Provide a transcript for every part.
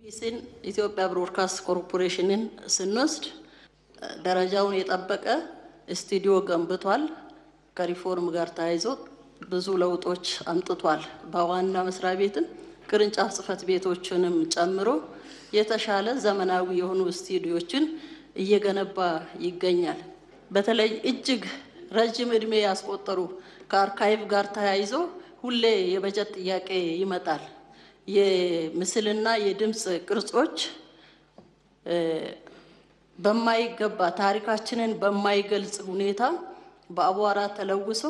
ኢቢሲን ኢትዮጵያ ብሮድካስት ኮርፖሬሽንን ስንወስድ ደረጃውን የጠበቀ ስቱዲዮ ገንብቷል። ከሪፎርም ጋር ተያይዞ ብዙ ለውጦች አምጥቷል። በዋና መስሪያ ቤትም ቅርንጫፍ ጽህፈት ቤቶችንም ጨምሮ የተሻለ ዘመናዊ የሆኑ ስቱዲዮችን እየገነባ ይገኛል። በተለይ እጅግ ረጅም እድሜ ያስቆጠሩ ከአርካይቭ ጋር ተያይዞ ሁሌ የበጀት ጥያቄ ይመጣል። የምስልና የድምፅ ቅርጾች በማይገባ ታሪካችንን በማይገልጽ ሁኔታ በአቧራ ተለውሶ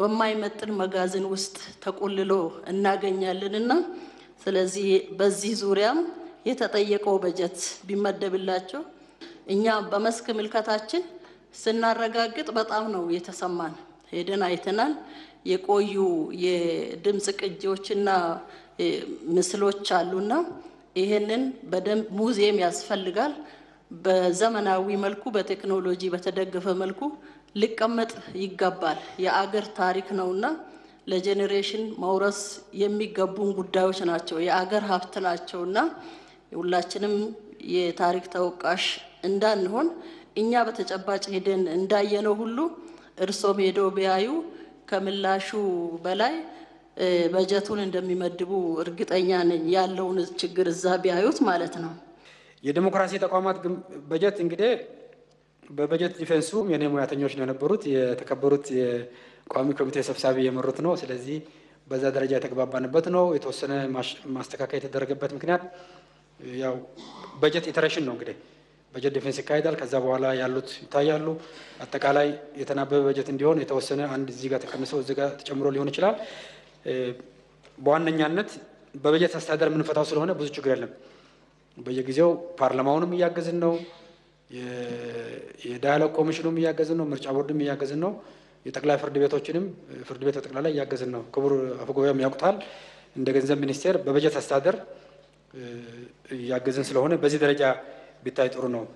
በማይመጥን መጋዘን ውስጥ ተቆልሎ እናገኛለንና ስለዚህ በዚህ ዙሪያም የተጠየቀው በጀት ቢመደብላቸው እኛ በመስክ ምልከታችን ስናረጋግጥ በጣም ነው የተሰማን። ሄደን አይተናል። የቆዩ የድምፅ ቅጂዎችና ምስሎች አሉና ይህንን በደንብ ሙዚየም ያስፈልጋል። በዘመናዊ መልኩ በቴክኖሎጂ በተደገፈ መልኩ ሊቀመጥ ይገባል። የአገር ታሪክ ነውና ለጄኔሬሽን መውረስ የሚገቡን ጉዳዮች ናቸው። የአገር ሀብት ናቸውና ሁላችንም የታሪክ ተወቃሽ እንዳንሆን እኛ በተጨባጭ ሄደን እንዳየነው ሁሉ እርሶም ሄደው ቢያዩ ከምላሹ በላይ በጀቱን እንደሚመድቡ እርግጠኛ ነኝ። ያለውን ችግር እዛ ቢያዩት ማለት ነው። የዲሞክራሲ ተቋማት በጀት እንግዲህ በበጀት ዲፌንሱ የኔ ሙያተኞች ነው የነበሩት። የተከበሩት የቋሚ ኮሚቴ ሰብሳቢ የመሩት ነው። ስለዚህ በዛ ደረጃ የተግባባንበት ነው። የተወሰነ ማስተካከያ የተደረገበት ምክንያት ያው በጀት ኢተሬሽን ነው እንግዲህ በጀት ዲፌንስ ይካሄዳል። ከዛ በኋላ ያሉት ይታያሉ። አጠቃላይ የተናበበ በጀት እንዲሆን የተወሰነ አንድ እዚህ ጋር ተቀንሰው እዚህ ጋር ተጨምሮ ሊሆን ይችላል። በዋነኛነት በበጀት አስተዳደር የምንፈታው ስለሆነ ብዙ ችግር የለም። በየጊዜው ፓርላማውንም እያገዝን ነው። የዳያሎግ ኮሚሽኑም እያገዝን ነው። ምርጫ ቦርድም እያገዝን ነው። የጠቅላይ ፍርድ ቤቶችንም ፍርድ ቤት በጠቅላላ እያገዝን ነው። ክቡር አፈ ያውቁታል። እንደ ገንዘብ ሚኒስቴር በበጀት አስተዳደር እያገዝን ስለሆነ በዚህ ደረጃ ቢታይ ጥሩ ነው።